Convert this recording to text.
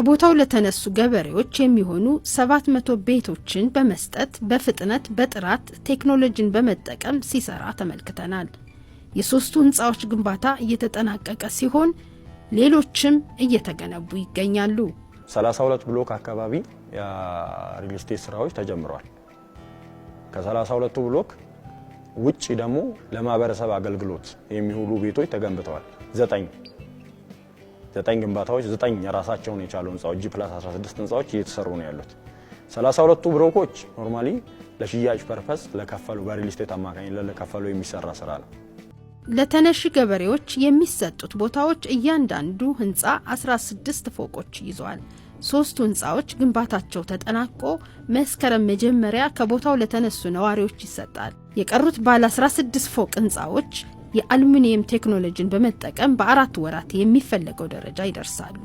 ከቦታው ለተነሱ ገበሬዎች የሚሆኑ 700 ቤቶችን በመስጠት በፍጥነት በጥራት ቴክኖሎጂን በመጠቀም ሲሰራ ተመልክተናል። የሶስቱ ህንፃዎች ግንባታ እየተጠናቀቀ ሲሆን ሌሎችም እየተገነቡ ይገኛሉ። 32 ብሎክ አካባቢ የሪል ስቴት ስራዎች ተጀምረዋል። ከ32ቱ ብሎክ ውጭ ደግሞ ለማህበረሰብ አገልግሎት የሚውሉ ቤቶች ተገንብተዋል ዘጠኝ ዘጠኝ ግንባታዎች ዘጠኝ የራሳቸውን የቻሉ ህንፃዎች ጂ ፕላስ 16 ህንፃዎች እየተሰሩ ነው ያሉት። 32ቱ ብሎኮች ኖርማሊ ለሽያጭ ፐርፐስ ለከፈሉ በሪል ስቴት አማካኝነት ለከፈሉ የሚሰራ ስራ ነው። ለተነሺ ገበሬዎች የሚሰጡት ቦታዎች እያንዳንዱ ህንፃ 16 ፎቆች ይዟል። ሶስቱ ህንፃዎች ግንባታቸው ተጠናቆ መስከረም መጀመሪያ ከቦታው ለተነሱ ነዋሪዎች ይሰጣል። የቀሩት ባለ 16 ፎቅ ህንፃዎች የአሉሚኒየም ቴክኖሎጂን በመጠቀም በአራት ወራት የሚፈለገው ደረጃ ይደርሳሉ።